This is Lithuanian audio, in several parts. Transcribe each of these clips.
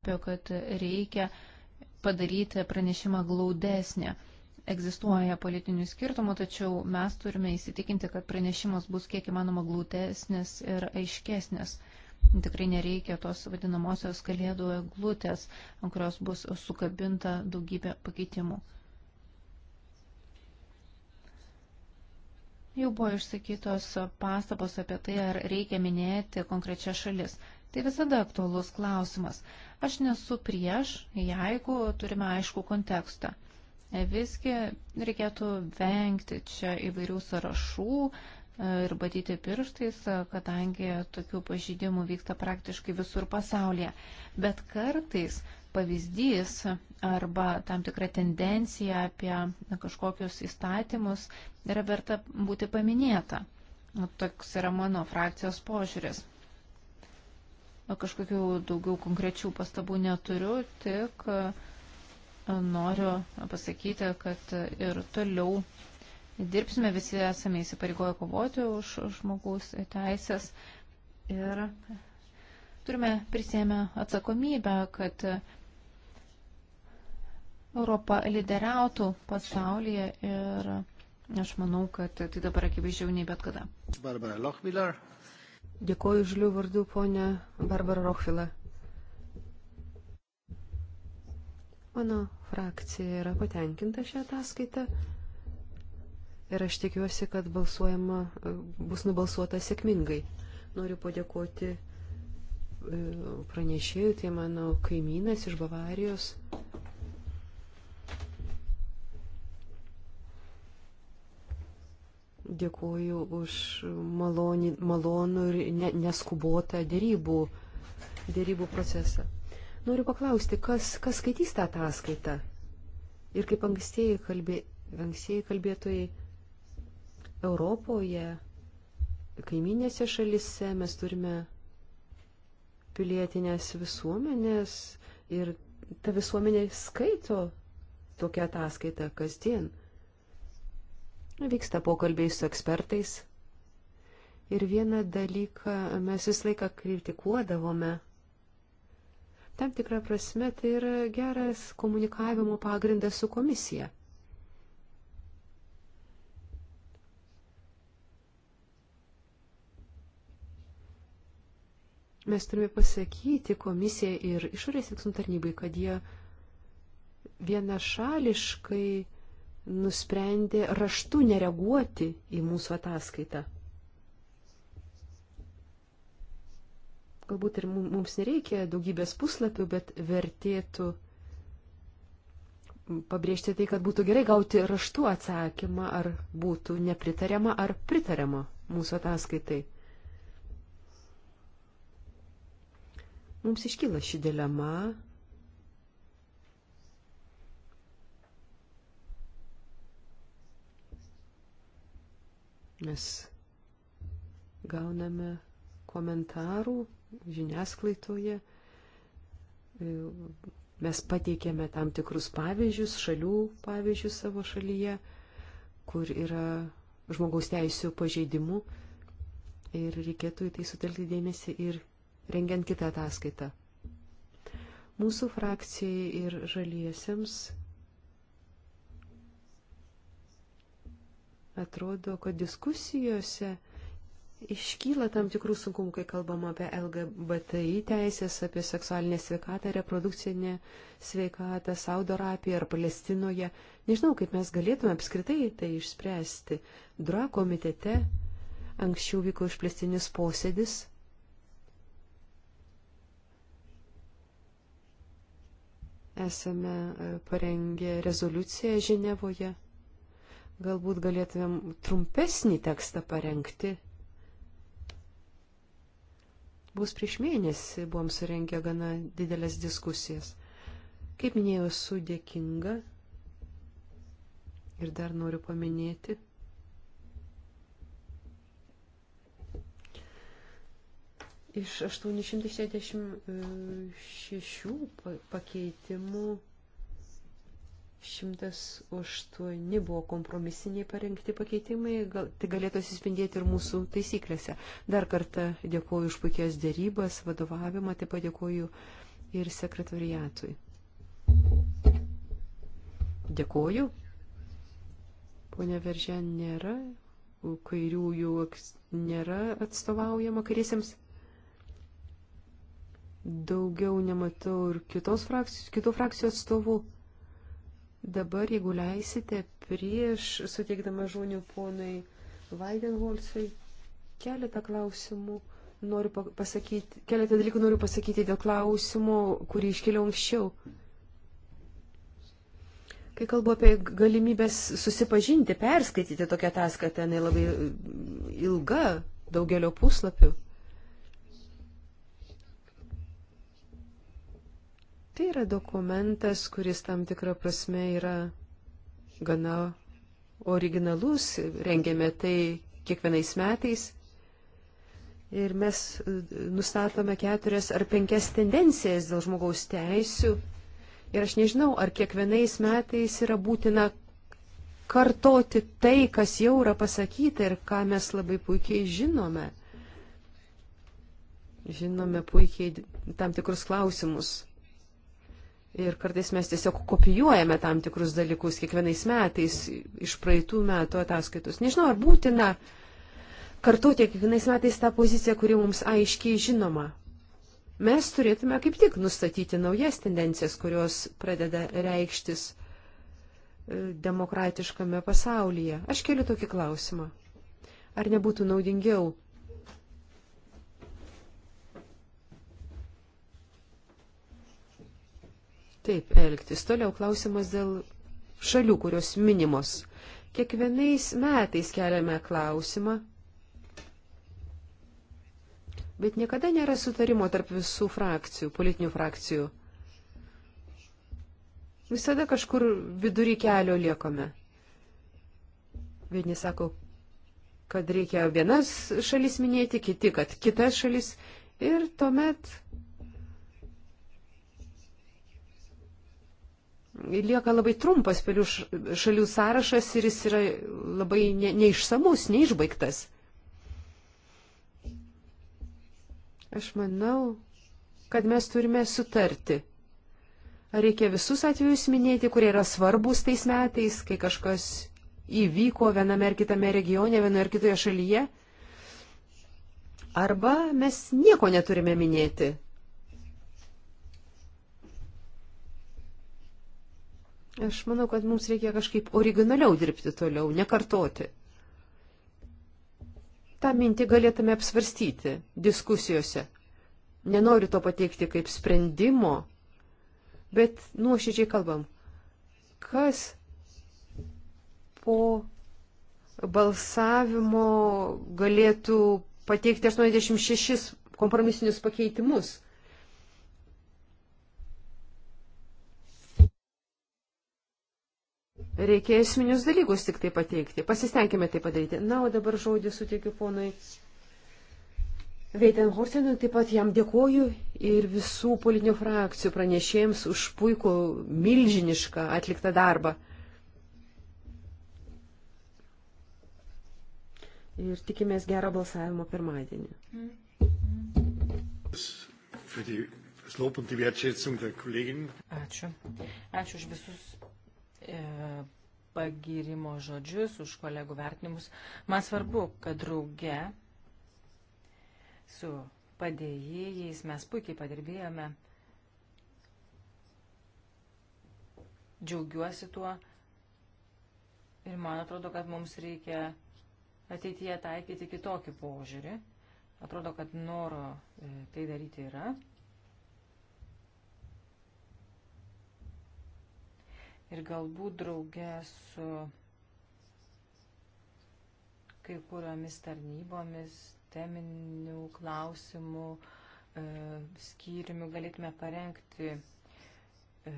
apie, kad reikia padaryti pranešimą glaudesnį. Egzistuoja politinių skirtumų, tačiau mes turime įsitikinti, kad pranešimas bus kiek įmanoma glaudesnis ir aiškesnis. Tikrai nereikia tos vadinamosios kalėdų glūtės, ant kurios bus sukabinta daugybė pakeitimų. Jau buvo išsakytos pastabos apie tai, ar reikia minėti konkrečią šalis. Tai visada aktualus klausimas. Aš nesu prieš, jeigu turime aišku kontekstą. Visgi reikėtų vengti čia įvairių sąrašų e, ir badyti pirštais, e, kadangi tokių pažydimų vyksta praktiškai visur pasaulyje. Bet kartais pavyzdys arba tam tikra tendencija apie kažkokius įstatymus yra verta būti paminėta. Toks yra mano frakcijos požiūris kažkokių daugiau konkrečių pastabų neturiu, tik e, noriu pasakyti, kad ir toliau dirbsime, visi esame įsipareigoję kovoti už žmogaus teisės ir turime prisėmę atsakomybę, kad Europa lyderiautų pasaulyje ir aš manau, kad tai dabar akivaizdžiau nei bet kada. Barbara Lochmiller. Dėkoju žlių vardu, ponė Barbara Rochvila. Mano frakcija yra patenkinta šią ataskaitą ir aš tikiuosi, kad balsuojama bus nubalsuota sėkmingai. Noriu padėkoti e, pranešėjų, tai mano kaimynas iš Bavarijos, Dėkuoju už malonį, malonų ir ne, neskubotą dėrybų, dėrybų procesą. Noriu paklausti, kas, kas skaitys tą ataskaitą? Ir kaip ankstieji, kalbė, ankstieji kalbėtojai Europoje, kaiminėse šalise mes turime pilietinės visuomenės ir ta visuomenė skaito tokią ataskaitą kasdien. Vyksta pokalbiai su ekspertais. Ir vieną dalyką mes visą laiką kritikuodavome. Tam tikrą prasme tai yra geras komunikavimo pagrindas su komisija. mes turime pasakyti komisijai ir išorės veiksmų tarnybai, kad jie vienašališkai nusprendė raštu nereaguoti į mūsų ataskaitą. Galbūt ir mums nereikia daugybės puslapių, bet vertėtų pabrėžti tai, kad būtų gerai gauti raštu atsakymą, ar būtų nepritariama ar pritariama mūsų ataskaitai. Mums iškyla ši dilema, Mes gauname komentarų žiniasklaidoje. Mes pateikėme tam tikrus pavyzdžius, šalių pavyzdžius savo šalyje, kur yra žmogaus teisų pažeidimų ir reikėtų į tai sutelkti dėmesį ir rengiant kitą ataskaitą. Mūsų frakcijai ir žaliesiems atrodo, kad diskusijose iškyla tam tikrų sunkumų, kai kalbam apie LGBTI teisės, apie seksualinę sveikatą, reprodukcinę sveikatą, Saudo Arabijoje ar Palestinoje. Nežinau, kaip mes galėtume apskritai tai išspręsti. DRA komitete anksčiau vyko išplėstinis posėdis. Esame parengę rezoliuciją Ženevoje Galbūt galėtumėm trumpesnį tekstą parengti. Bus prieš mėnesį buvom surengę gana didelės diskusijas. Kaip minėjau, esu dėkinga ir dar noriu paminėti. Iš 866 e, pakeitimų 108 buvo kompromisiniai parengti pakeitimai, gal, tai galėtų atsispindėti ir mūsų taisyklėse. Dar kartą dėkuoju už puikias dėrybas, vadovavimą, taip pat dėkuoju ir sekretariatui. Dėkuoju. Pone Veržen nėra, kairiųjų nėra atstovaujama kairiesiems. Daugiau nematau ir kitos frakcijos, kitų frakcijų atstovų. Dabar, jeigu leisite, prieš suteikdama žonių ponui Vaidenholcui keletą klausimų noriu pasakyti, keletą dalykų noriu pasakyti dėl klausimo, kurį iškėliau anksčiau. Kai kalbu apie galimybės susipažinti, perskaityti tokią ataskaitą, jinai labai mm, ilga, daugelio puslapių. Tai yra dokumentas, kuris tam tikrą prasme yra gana originalus, rengiame tai kiekvienais metais. Ir mes e, nustatome keturias ar penkias tendencijas dėl žmogaus teisių. Ir aš nežinau, ar kiekvienais metais yra būtina kartoti tai, kas jau yra pasakyta ir ką mes labai puikiai žinome. Žinome puikiai tam tikrus klausimus. Ir kartais mes tiesiog kopijuojame tam tikrus dalykus kiekvienais metais iš praeitų metų ataskaitos. Nežinau, ar būtina kartuoti kiekvienais metais tą poziciją, kuri mums aiškiai žinoma. Mes turėtume kaip tik nustatyti naujas tendencijas, kurios pradeda reikštis e, demokratiškame pasaulyje. Aš keliu tokį klausimą. Ar nebūtų naudingiau taip elgtis. Toliau klausimas dėl šalių, kurios minimos. Kiekvienais metais keliame klausimą, bet niekada nėra sutarimo tarp visų frakcijų, politinių frakcijų. Visada kažkur vidury kelio liekame. Vieni sako, kad reikia vienas šalis minėti, kiti, kad kitas šalis. Ir tuomet lieka labai trumpas pelių šalių sąrašas ir jis yra labai ne, neišsamus, neišbaigtas. Aš manau, kad mes turime sutarti. Ar reikia visus atvejus minėti, kurie yra svarbus tais metais, kai kažkas įvyko viename ar kitame regione, vienoje ar kitoje šalyje? Arba mes nieko neturime minėti, Aš manau, kad mums reikia kažkaip originaliau dirbti toliau, nekartoti. Ta mintį galėtume apsvarstyti diskusijose. Nenoriu to pateikti kaip sprendimo, bet nuoširdžiai kalbam, kas po balsavimo galėtų pateikti 86 kompromisinius pakeitimus. Reikia esminius dalykus tik tai pateikti. Pasistengime tai padaryti. Na, o dabar žodį suteikiu ponui Veitenhorsenui. Taip pat jam dėkoju ir visų politinių frakcijų pranešėjams už puikų, milžinišką atliktą darbą. Ir tikimės gero balsavimo pirmadienį. Ačiū. Ačiū už visus e, pagirimo žodžius, už kolegų vertinimus. Man svarbu, kad drauge su padėjėjais mes puikiai padirbėjome. Džiaugiuosi tuo ir man atrodo, kad mums reikia ateityje taikyti kitokį požiūrį. Atrodo, kad noro e, tai daryti yra. ir galbūt draugė su kai kuriomis tarnybomis, teminių klausimų e, skyriumi galėtume parengti e,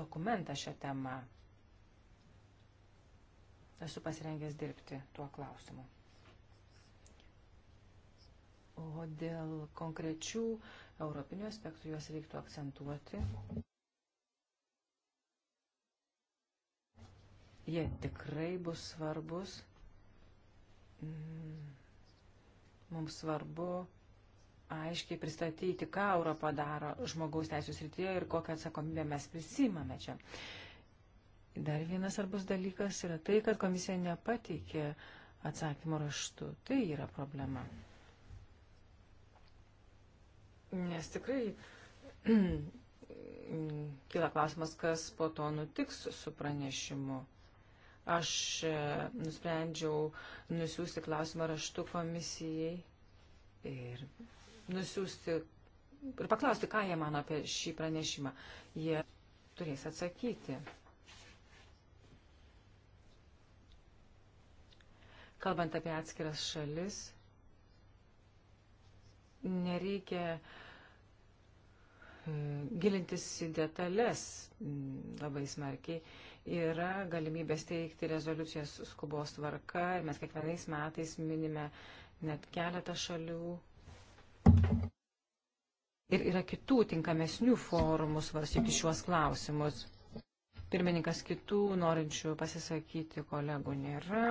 dokumentą šią temą. Esu pasirengęs dirbti tuo klausimu. O dėl konkrečių europinių aspektų juos reiktų akcentuoti. Jie tikrai bus svarbus. Mm. Mums svarbu aiškiai pristatyti, ką Europa daro žmogaus teisų srityje ir kokią atsakomybę mes prisimame čia. Dar vienas svarbus dalykas yra tai, kad komisija nepateikė atsakymo raštu. Tai yra problema. Nes tikrai kyla klausimas, kas po to nutiks su pranešimu. Aš e, nusprendžiau nusiųsti klausimą raštu komisijai ir nusiųsti ir paklausti, ką jie mano apie šį pranešimą. Jie turės atsakyti. Kalbant apie atskiras šalis, nereikia e, gilintis į detalės labai smarkiai yra galimybės teikti rezoliucijas skubos tvarka ir mes kiekvienais metais minime net keletą šalių. Ir yra kitų tinkamesnių forumų svarstyti šiuos klausimus. Pirmininkas kitų norinčių pasisakyti kolegų nėra.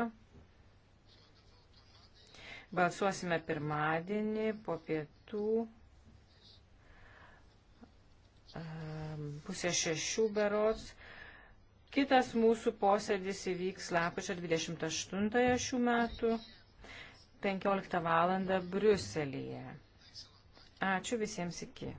Balsuosime pirmadienį po pietų ehm, pusė šešių berots Kitas mūsų posėdis įvyks lapkričio 28 šių metų 15 val. Briuselėje. Ačiū visiems iki.